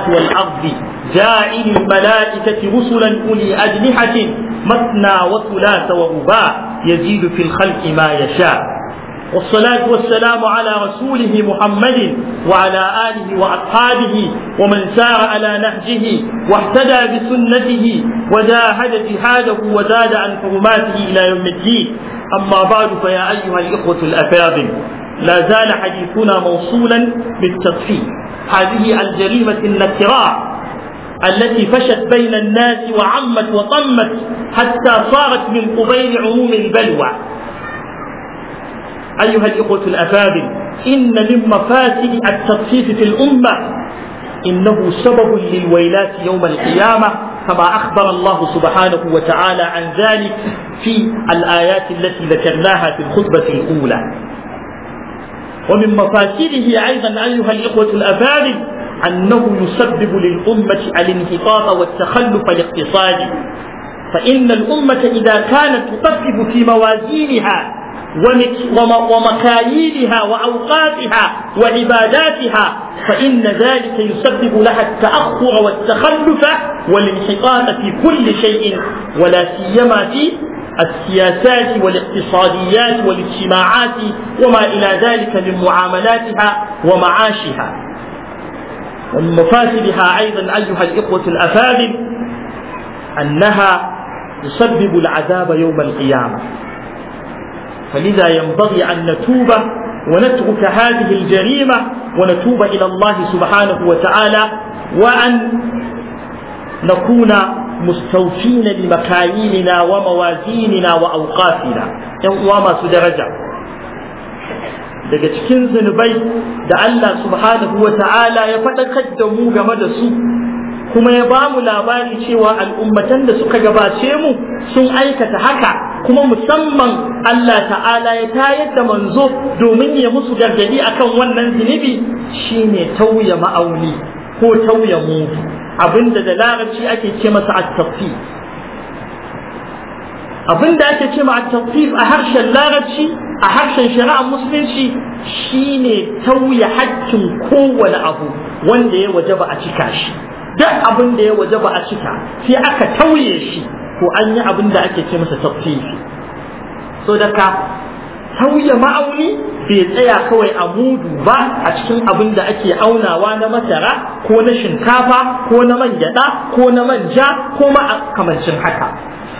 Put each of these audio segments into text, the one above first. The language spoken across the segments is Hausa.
والأرض جاعل الملائكة رسلا أولي أجنحة مثنى وثلاث ورباع يزيد في الخلق ما يشاء والصلاة والسلام على رسوله محمد وعلى آله وأصحابه ومن سار على نهجه واهتدى بسنته وجاهد جهاده وزاد عن حرماته إلى يوم الدين أما بعد فيا أيها الإخوة الأفاضل لا زال حديثنا موصولا بالتصحيح هذه الجريمة النكراء التي فشت بين الناس وعمت وطمت حتى صارت من قبيل عموم البلوى أيها الإخوة الأفاضل إن من مفاسد التطفيف في الأمة إنه سبب للويلات يوم القيامة كما أخبر الله سبحانه وتعالى عن ذلك في الآيات التي ذكرناها في الخطبة الأولى ومن مفاتيره أيضا أيها الإخوة الأفاضل أنه يسبب للأمة الانحطاط والتخلف الاقتصادي فإن الأمة إذا كانت تقدم في موازينها ومكاييلها وأوقاتها وعباداتها فإن ذلك يسبب لها التأخر والتخلف والانحطاط في كل شيء ولا سيما في السياسات والاقتصاديات والاجتماعات وما إلى ذلك من معاملاتها ومعاشها ومن مفاسدها أيضا أيها الإخوة الأفاضل أنها تسبب العذاب يوم القيامة فلذا ينبغي أن نتوب ونترك هذه الجريمة ونتوب إلى الله سبحانه وتعالى وأن نكون مستوفين بمكاييننا وموازيننا وأوقاتنا uwa masu daraja. daga cikin zunubai da Allah subhanahu wa ta'ala ya faɗakar da mu game da su kuma ya ba mu labari cewa al'ummatan da suka gabace mu sun aikata haka kuma musamman Allah ta'ala ya tayar da manzo domin ya musu gargadi akan wannan zunubi shine tauya ma'auni ko tauya mu. Abin da larabci ake ce masa at abin abinda ake ce ma at a harshen larabci a harshen shari'ar musulunci shine tauye hakkin kowane abu wanda ya wajaba a cika shi duk abin da ya wajaba a cika sai aka tauye shi ko an yi abin da ake ce masa tafsiri so da sauya ma'auni bai tsaya kawai a mudu ba a cikin abin da ake aunawa na masara ko na shinkafa ko na man gyaɗa ko na manja ko kamancin haka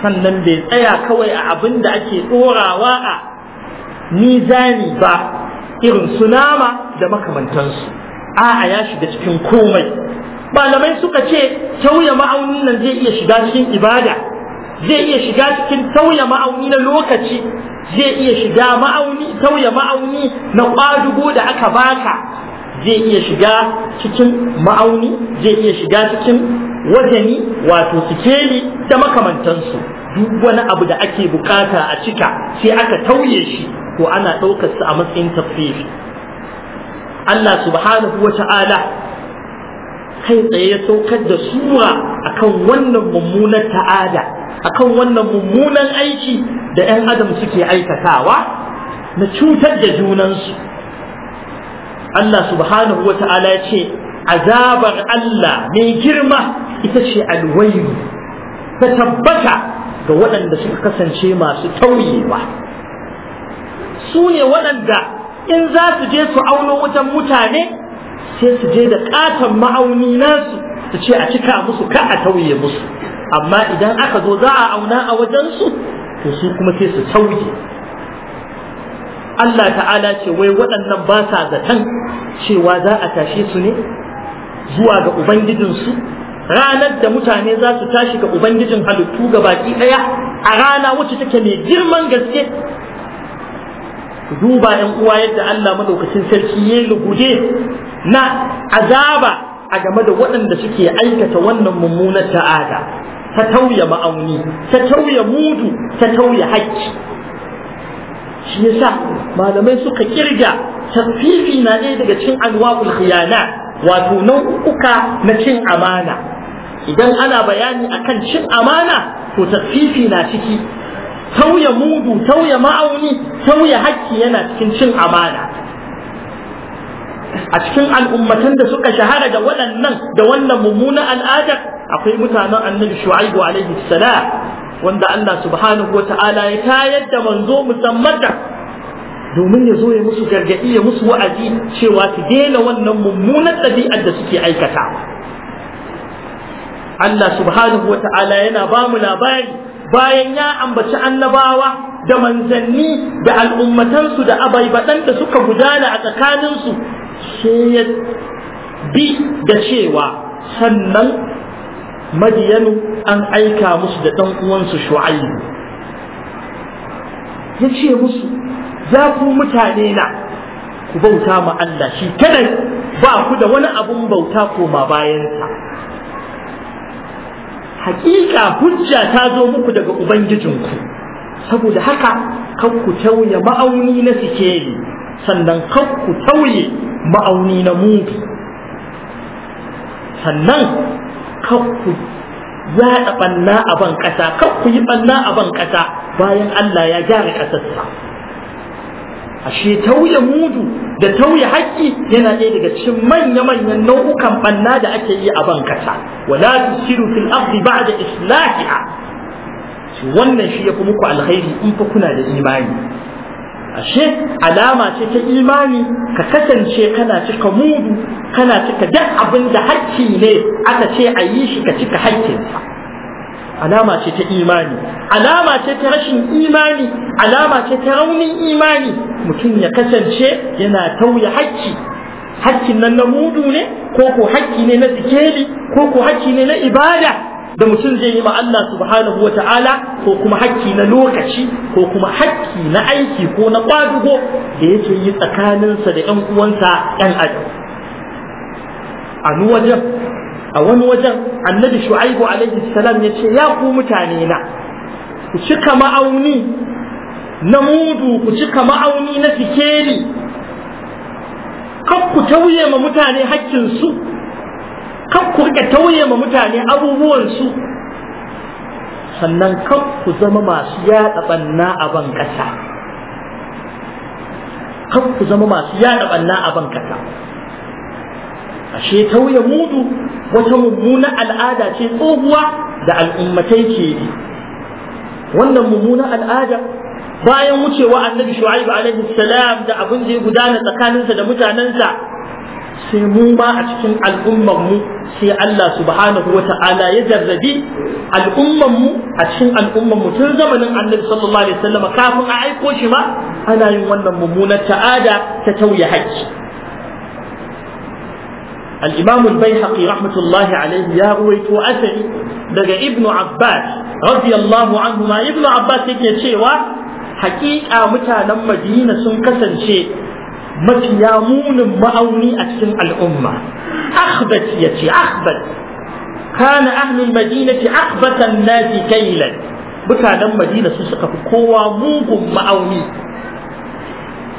sannan bai tsaya kawai a abin da ake ɗorawa a mizani ba irin su nama da makamantansu a'a ya shiga cikin komai malamai suka ce tauya ma'aunin nan zai iya shiga cikin ibada zai iya shiga cikin tauya ma'auni na lokaci zai iya shiga ma'auni tauya ma'auni na kwadugo da aka baka zai iya shiga cikin ma'auni zai iya shiga cikin wajeni wato sikeli da makamantansu duk wani abu da ake bukata a cika sai aka tauye shi to ana ɗaukar su a matsayin tafsiri Allah subhanahu wa ta'ala kai tsaye ya saukar da sura akan wannan mummunar ta'ada akan wannan mummunan aiki da 'yan adam suke aikatawa na cutar da junansu Allah subhanahu wa ta'ala ya ce azabar Allah mai girma ita ce alwayu. ta tabbata ga waɗanda suka kasance masu tauyewa su ne waɗanda in za su je su auno wutan mutane sai su je da ƙaton ma'auni nasu su ce a cika musu ka a tauye musu amma idan aka zo za a auna a wajensu to su kuma sai su sauke Allah ta'ala ce wai waɗannan ba sa zaton cewa za a tashe su ne zuwa ga Ubangijinsu ranar da mutane za su tashi ga Ubangijin halittu ga baki ɗaya a rana wacce take mai girman gaske duba ‘yan uwa yadda Allah madaukakin sarki ya lugude na azaba a game da waɗanda suke aikata wannan mummunar ta'ada ta tauye ma'auni ta tauye mudu ta tauye haƙƙi shi yasa malamai suka kirga tafifi na ɗaya daga cin anwa'ul khiyana wato nau'uka na cin amana idan ana bayani akan cin amana to tafifi na ciki tauye mudu tauye ma'auni tauye haƙƙi yana cikin cin amana a cikin al'ummatan da suka shahara da waɗannan da wannan mummunan al'adar akwai mutanen annabi shu'aibu alaihi salam wanda Allah subhanahu wata'ala ya tayar da manzo musamman da domin ya zo ya musu gargaɗi ya musu wa'azi cewa su daina wannan mummunan ɗabi'ar da suke aikata Allah subhanahu wata'ala yana ba mu labari bayan ya ambaci annabawa da manzanni da al'ummatansu da abaibaɗan da suka gudana a tsakaninsu sai ya bi da cewa sannan madiyanu an aika musu da ɗan uwansu shu'ayyu ya ce musu za ku mutane na ku bauta ma Allah shi kadai ba ku da wani abun bauta koma bayansa hakika hujja ta zo muku daga ubangijinku saboda haka kan ku tauye ma'auni na sikeli sannan kan ku tauye ma'auni na Mugu sannan kakku ya banna a ban ƙasa kakku yi banna a ban kasa bayan Allah ya gyara ƙasarsa ashe tauye mudu da tauye haƙƙi yana ɗaya daga cikin manya-manyan nau'ukan banna da ake yi a ban kasa wala tusiru fil ardi ba'da islahiha wannan shi yafi muku alkhairi in fa kuna da imani ashe alama ce ta imani ka kasance kana cika mudu kana cika duk abin da hakki ne aka ce a yi shi ka cika hakkinsa alama ce ta imani alama ce ta rashin imani alama ce ta raunin imani mutum ya kasance yana tauye hakki hakkin nan na mudu ne ko ko hakki ne na sikeli ko ko hakki ne na ibada da mutum zai yi ma Allah subhanahu wa ta'ala ko kuma hakki na lokaci ko kuma hakki na aiki ko na kwadugo da yake yi tsakaninsa da ‘yan uwansa ‘yan adam. A wajen, a wani wajen annabi shu'aibu alaihi salam ya ce ya ku mutane na ku cika ma'auni na mudu ku cika ma'auni na sikeli kan ku tauye ma mutane hakkin su kan ku rika tauye ma mutane abubuwansu sannan kan ku zama masu yaɗa banna a ban ƙasa kan ku zama masu yaɗa banna a ban ashe tauye mudu wata mummuna al'ada ce tsohuwa da al'ummatai ke yi wannan mummuna al'ada bayan wucewa annabi shu'aib alaihi salam da abin da ya gudana tsakaninsa da mutanensa sai mu ma a cikin al'ummar mu sai Allah subhanahu wa ta'ala ya jarrabi al'ummar mu a cikin al'ummar mu tun zamanin Annabi sallallahu alaihi wasallam kafin a aiko shi ma ana yin wannan mummunar ta'ada ta tauye haƙƙi الإمام البيهقي رحمة الله عليه يا رويت أثري دقى ابن عباس رضي الله عنهما ابن عباس يكي شيوا حقيقة متى لما دين سنكسن شيء mafiya munin ma'auni a cikin al'umma akhbat yace akhbat kana ahlul madinati akhbatan nasi kailan mutanen madina su suka fi kowa mugun ma'auni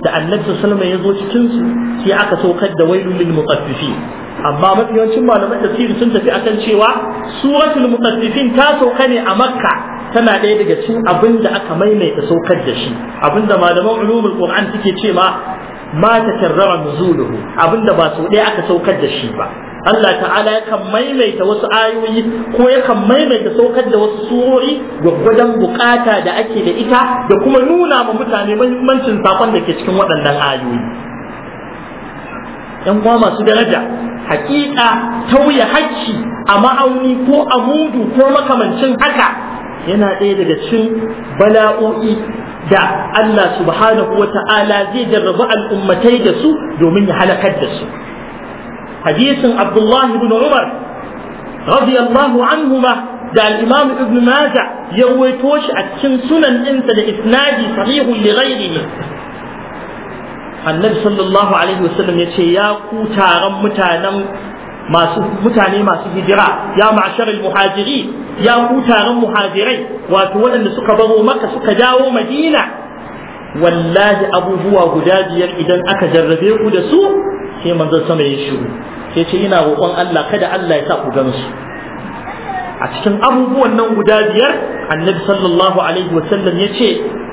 da annabi sallallahu alaihi wasallam ya zo cikin su sai aka saukar da wailul lil mutaffifin amma mafi yawancin malaman tafsiri sun tafi akan cewa suratul mutaffifin ta sauka ne a makka tana ɗaya daga cikin abin da aka maimaita saukar da shi abin da malaman ulumul qur'an suke ce ma ma ta karrara nuzuluhu abinda ba sau ɗaya aka saukar da shi ba Allah ta'ala yakan maimaita wasu ayoyi ko yakan maimaita saukar da wasu surori gwaggwadon bukata da ake da ita da kuma nuna ma mutane muhimmancin sakon da ke cikin waɗannan ayoyi yan uwa masu daraja hakika tauye hacci a ma'auni ko a mudu ko makamancin haka yana ɗaya daga cikin bala'o'i da Allah subhanahu wa ta'ala zai jarrabu al'ummatai da su domin ya halakar da su hadisin Abdullah ibn Umar radiyallahu anhuma da al-Imam Ibn Majah ya ruwaito shi a cikin sunan ɗinsa da isnadi sahihun li ghairihi Annabi sallallahu alaihi wasallam ya ce ya ku taron mutanen masu mutane masu hijira ya ma'asharil muhajiri ya ku muhajirai wato waɗanda suka baro maka suka dawo madina wallahi abubuwa guda biyar idan aka jarrabe ku da su sai manzon sama ya shiru sai ce ina roƙon Allah kada Allah ya sa ku gansu a cikin abubuwan nan guda biyar annabi sallallahu alaihi wasallam ya ce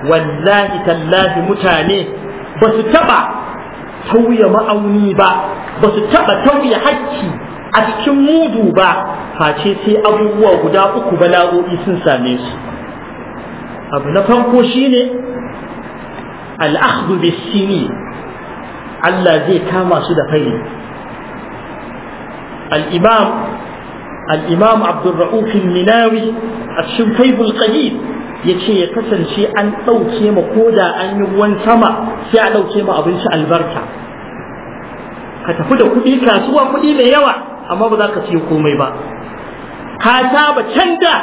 wallahi tallahi mutane ba su taɓa tauye ma'auni ba ba su taɓa tauye hakki a cikin mudu ba face sai abubuwa guda uku bala'o'i sun same su abu na farko shi ne bis-sini Allah zai kama su da fari al-imam Abdul a cikin Faibul Qadim yace ya kasance an ɗauke ma koda an yi ruwan sama sai a ɗauke ma abinci albarka ka tafi da kuɗi kasuwa kuɗi mai yawa amma ba za ka siyo komai ba ka saba canza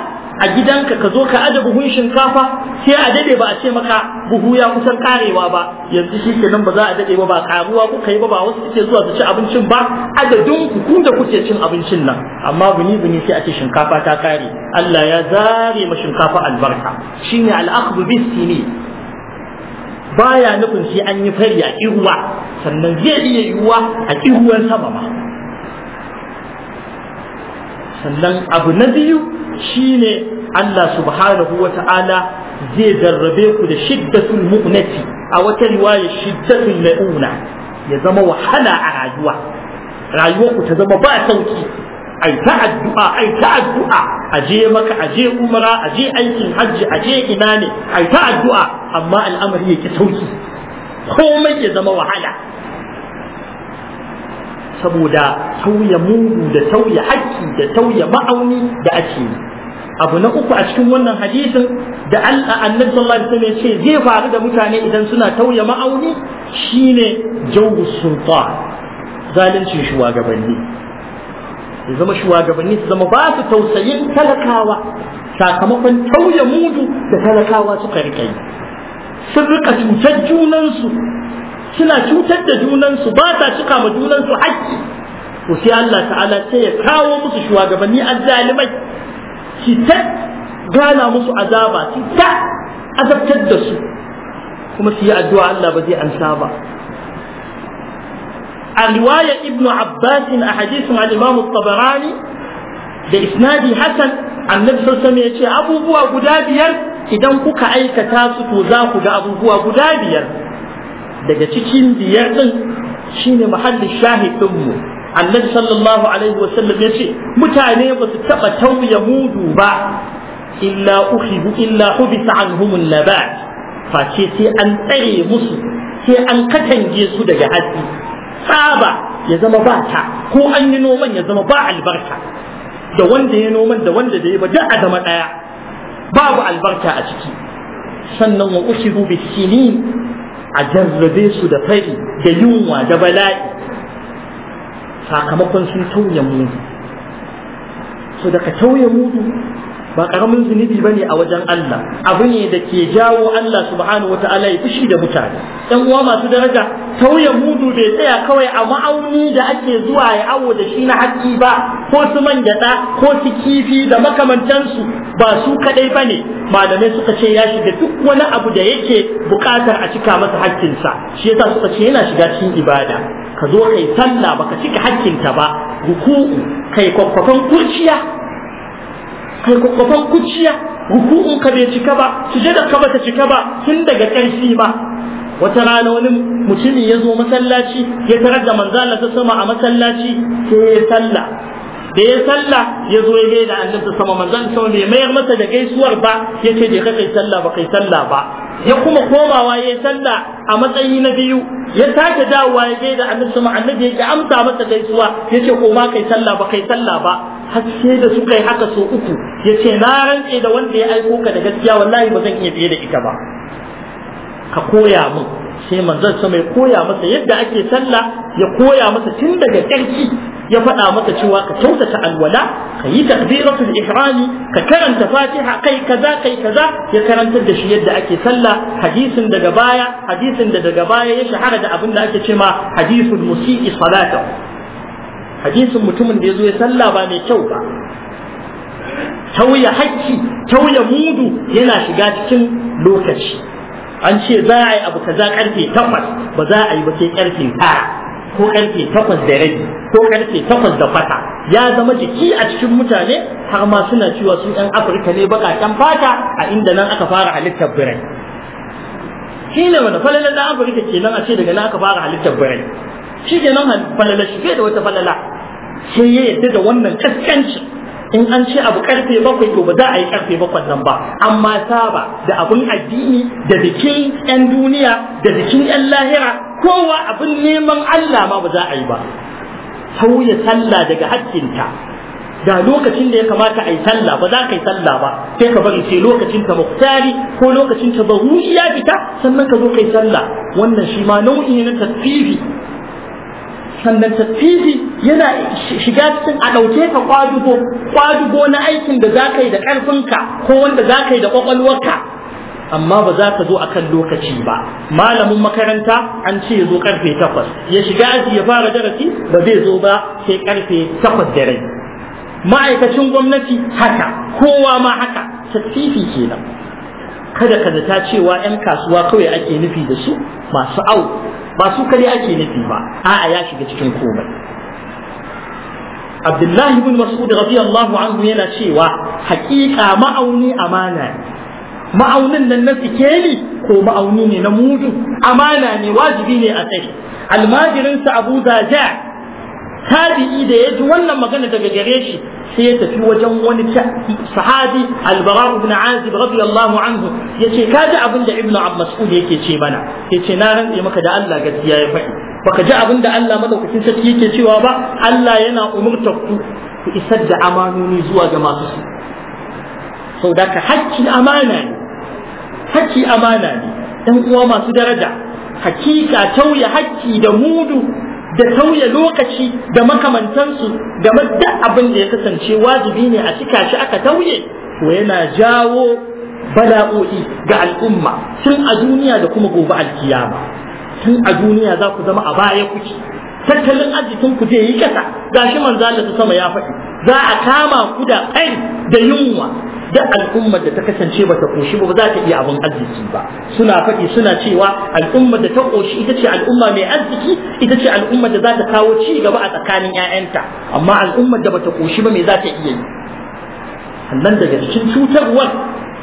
a gidanka ka zo ka aje buhun shinkafa sai a dade ba a ce maka buhu ya kusan karewa ba yanzu shi kenan ba za a dade ba ba karuwa kuka yi ba ba wasu suke zuwa su ci abincin ba adadin ku ku da kuke cin abincin nan amma buni buni sai a ce shinkafa ta kare Allah ya zare ma shinkafa albarka shine al-akhdhu bis-sinin baya nufin sai an yi fari a ihuwa sannan zai iya yiwuwa a ihuwar sama ma sannan abu na biyu shine Allah subhanahu wa ta'ala zai darrabe ku da shiddatul mu'nati a wata riwaya shiddatul la'una ya zama wahala a rayuwa rayuwar ku ta zama ba sauki ai ta addu'a ai ta addu'a aje maka aje umara aje aikin hajji aje ina ne ai ta addu'a amma al'amari yake sauki komai ya zama wahala saboda tauya mugu da tauya haƙƙi da tauya ma'auni da ake yi abu na uku a cikin wannan hadisin da annabi sallallahu alaihi wasallam ce zai faru da mutane idan suna tauya ma'auni shine jawru sultan zalincin shugabanni ya zama shugabanni su zama ba su tausayin talakawa sakamakon tauye mudu da talakawa suka rika yi sun rika cutar junansu suna cutar da junansu ba cika ma junansu haƙƙi to sai Allah ta'ala sai ya kawo musu shugabanni azzalimai ki ta gana musu azaba ki ta azabtar da su kuma su yi addu'a Allah ba zai ansa ba a riwaya ibn abbas a hadisin al-imam da isnadi hasan annabi sallallahu ya abubuwa guda biyar idan kuka aikata su to za ku ga abubuwa guda biyar daga cikin biyar din shine mahallin shahidin ɗinmu. annabi sallallahu alaihi wasallam ya ce mutane ba su taba tauya mudu ba illa ukhidu illa hubisa anhum an-nabat face sai an tsare musu sai an katange su daga hatsi tsaba ya zama ba ta ko an yi noman ya zama ba albarka da wanda ya noman da wanda da ya ba duk a zama ɗaya babu albarka a ciki sannan wa ushiru bi sinin a jarrabe su da fari da yunwa da bala'i sakamakon sun tauye mudu so daga tauye mudu ba karamin zunubi bane a wajen Allah abu ne da ke jawo Allah subhanahu wataala ya fushi da mutane ɗan uwa masu daraja tauye mudu bai tsaya kawai a ma'auni da ake zuwa ya awo da shi na haƙƙi ba ko su man gyaɗa ko su kifi da makamantansu ba su kaɗai ba ne malamai suka ce ya shiga duk wani abu da yake buƙatar a cika masa haƙƙinsa shi yasa suka ce yana shiga cikin ibada ka zo kai sallah baka cika haƙƙinta ba ruku'u kai kwakwafan kurciya kai kwakwafan kuciya ruku'un ka bai cika ba sujada ka bata cika ba tun daga ƙarfi ba wata rana wani mutumin ya zo masallaci ya tarar da manzo Allah sama a masallaci sai ya sallah da ya sallah ya zo ya gaida annabi sama manzon sama bai mayar masa da gaisuwar ba yace je ka kai sallah ba kai sallah ba ya kuma komawa ya sallah a matsayi na biyu ya sake dawowa ya da annabi sama annabi ya amsa masa gaisuwa yace ko ma kai sallah ba kai sallah ba Haske da suka yi haka so uku ya ce na rantse da wanda ya aiko ka da gaskiya wallahi ba zan iya fiye da ita ba ka koya min sai manzon sa mai koya masa yadda ake sallah ya koya masa tun daga ƙarfi ya faɗa masa cewa ka kyautata alwala ka yi takbiratul ihrami ka karanta fatiha kai kaza kai kaza ya karantar da shi yadda ake sallah hadisin daga baya hadisin da daga baya ya shahara da abin da ake cewa hadisul musii salatahu hadisin mutumin da ya zo ya sallah ba mai kyau ba tauya hakki tauya mudu yana shiga cikin lokaci an ce za a yi abu kaza karfe takwas ba za a yi ba sai karfe tara ko karfe takwas da rabi ko karfe takwas da fata ya zama jiki a cikin mutane har ma suna cewa su ɗan afirka ne baƙaƙen fata a inda nan aka fara halittar birai shi ne wani falalar na afirka kenan a ce daga nan aka fara halittar birai shi ke nan falala shi da wata falala sai ya yadda da wannan kaskancin in an ce abu karfe bakwai to ba za a yi karfe bakwai nan ba amma saba da abun addini da bikin yan duniya da bikin yan lahira kowa abin neman Allah ma ba za a yi ba sauya sallah daga hakkinta da lokacin da ya kamata a yi sallah ba za ka yi sallah ba sai ka bari sai lokacin ta muktari ko lokacin ta baruhi ya fita sannan ka zo kai sallah wannan shi ma nau'i na tasfifi sannan tasfifi yana shiga cikin a ɗauke ka ƙwadugo ƙwadugo na aikin da za ka yi da ƙarfinka ko wanda za ka yi da ƙwaƙwalwarka amma ba za ka zo a kan lokaci ba malamin makaranta an ce ya zo ƙarfe takwas ya shiga aji ya fara darasi ba zai zo ba sai ƙarfe takwas da rai ma'aikacin gwamnati haka kowa ma haka tasfifi kenan kada ka zata cewa 'yan kasuwa kawai ake nufi da su masu au ba su kare ake nufi ba a'a ya shiga cikin komai Abdullahi bin Mas'ud radiyallahu anhu yana cewa hakika ma'auni amana ma'aunin nan na sikeli ko ma'auni ne na mudu amana ne wajibi ne a tsaye almajirinsa Abu Zaja tabi'i da ya ji wannan magana daga gare shi sai ya tafi wajen wani sahabi albara ibn azib radiyallahu anhu yace ka ji abin da ibnu mas'ud yake ce mana yace na rantse maka da Allah gaskiya ya faɗi baka ji abin da Allah madaukakin sarki yake cewa ba Allah yana umurtar ku ku isar da amanoni zuwa ga masu su sau da ka hakki amana ne hakki amana ne dan uwa masu daraja hakika tauye hakki da mudu da tauye lokaci da makamantansu game da abin da ya kasance wajibi ne a cika shi aka tauye to yana jawo bala'o'i ga al'umma tun a duniya da kuma gobe alkiyama tun a duniya za ku zama a baya kuke tattalin arzikin ku zai yi kasa gashi manzo Allah sama ya faɗi za a kama ku da kai da yunwa duk al'ummar da ta kasance ba ta koshi ba za ta iya abin arziki ba suna faɗi suna cewa al'ummar da ta koshi ita ce al'umma mai arziki ita ce al'ummar da za ta kawo ci gaba a tsakanin 'ya'yanta amma al'ummar da ba ta koshi ba me za ta iya yi sannan daga cikin cutarwar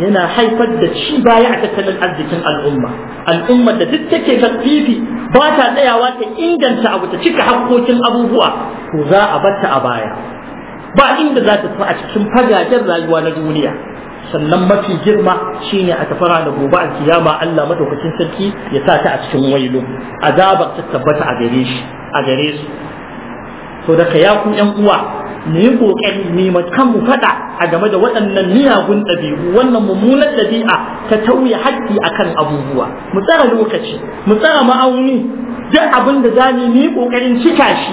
yana haifar da ci baya a tattalin arzikin al'umma al'umma da duk take fifi ba ta tsayawa ta inganta abu ta cika hakkokin abubuwa ko za a batta a baya ba inda za ta fi a cikin fagagen rayuwa na duniya sannan mafi girma shine a tafara da gobe a kiyama Allah madaukakin sarki ya sa ta a cikin wailu azabar ta tabbata a gare shi a gare su to da ya ku yan uwa mu yi kokari mu faɗa fada a game da waɗannan miyagun ɗabi'u wannan mummunan ɗabi'a ta tauye haƙƙi akan abubuwa mu tsara lokaci mu tsara ma'auni duk abin da zamu yi kokarin cika shi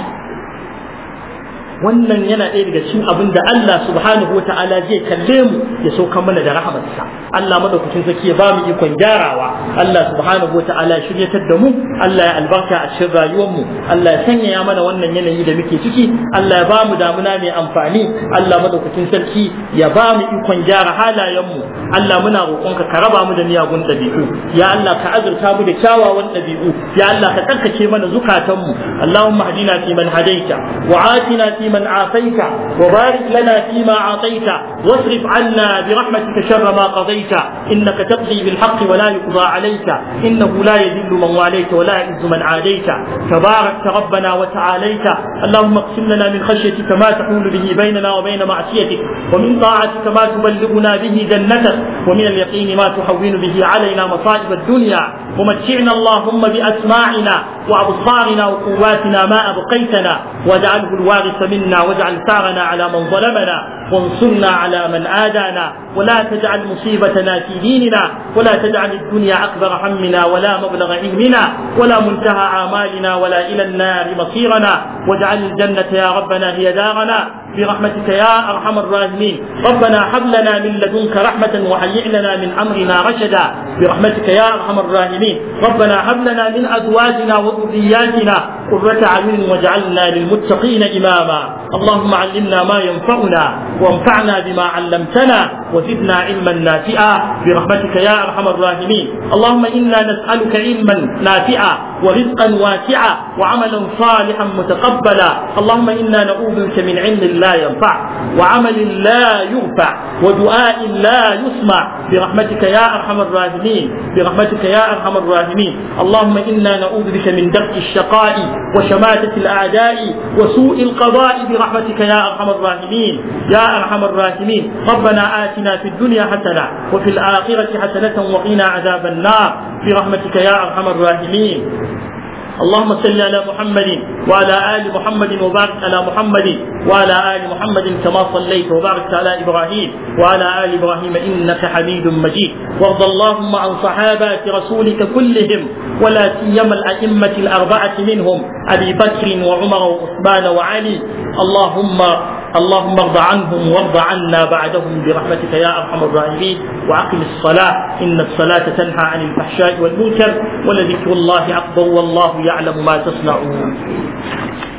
wannan yana ɗaya daga cikin abin da Allah subhanahu wa ta'ala zai kalle mu ya sauka mana da rahamarsa Allah madaukakin sarki ya ba mu ikon gyarawa Allah subhanahu wa ta'ala shiryatar da mu Allah ya albarka a cikin rayuwar mu Allah ya sanya mana wannan yanayi da muke ciki Allah ya ba mu damuna mai amfani Allah madaukakin sarki ya ba mu ikon gyara halayen mu Allah muna roƙonka ka raba mu da miyagun ɗabi'u ya Allah ka azurta mu da kyawawan ɗabi'u ya Allah ka tsarkake mana zukatanmu Allahumma hadina fi man hadaita wa atina fi من عافيت وبارك لنا فيما أعطيت واصرف عنا برحمتك شر ما قضيت إنك تقضي بالحق ولا يقضى عليك إنه لا يذل من واليت ولا يعز من عاديت تباركت ربنا وتعاليت اللهم اقسم لنا من خشيتك ما تحول به بيننا وبين معصيتك ومن طاعتك ما تبلغنا به جنتك ومن اليقين ما تحول به علينا مصائب الدنيا ومتعنا اللهم بأسماعنا وأبصارنا وقواتنا ما أبقيتنا واجعله الوارث منا واجعل ثارنا على من ظلمنا وانصرنا على من عادانا ولا تجعل مصيبتنا في ديننا ولا تجعل الدنيا أكبر همنا ولا مبلغ علمنا ولا منتهى آمالنا ولا إلى النار مصيرنا واجعل الجنة يا ربنا هي دارنا برحمتك يا أرحم الراحمين ربنا هب لنا من لدنك رحمة وهيئ لنا من أمرنا رشدا برحمتك يا أرحم الراحمين ربنا هب لنا من أزواجنا وذرياتنا قرة عين واجعلنا للمتقين إماما اللهم علمنا ما ينفعنا وانفعنا بما علمتنا وزدنا علما نافعا برحمتك يا ارحم الراحمين اللهم انا نسالك علما نافعا ورزقا واسعا وعملا صالحا متقبلا اللهم انا نعوذ بك من علم لا ينفع وعمل لا يرفع ودعاء لا يسمع برحمتك يا ارحم الراحمين برحمتك يا ارحم الراحمين اللهم انا نعوذ بك من درك الشقاء وشماتة الاعداء وسوء القضاء برحمتك يا ارحم الراحمين يا ارحم الراحمين ربنا آتنا آتنا في الدنيا حسنة وفي الآخرة حسنة وقنا عذاب النار رحمتك يا أرحم الراحمين اللهم صل على محمد وعلى آل محمد وبارك على محمد وعلى آل محمد كما صليت وبارك على إبراهيم وعلى آل إبراهيم إنك حميد مجيد وارض اللهم عن صحابة رسولك كلهم ولا سيما الأئمة الأربعة منهم أبي بكر وعمر وعثمان وعلي اللهم اللهم ارض عنهم وارض عنا بعدهم برحمتك يا ارحم الراحمين واقم الصلاه ان الصلاه تنهى عن الفحشاء والمنكر ولذكر الله اكبر والله يعلم ما تصنعون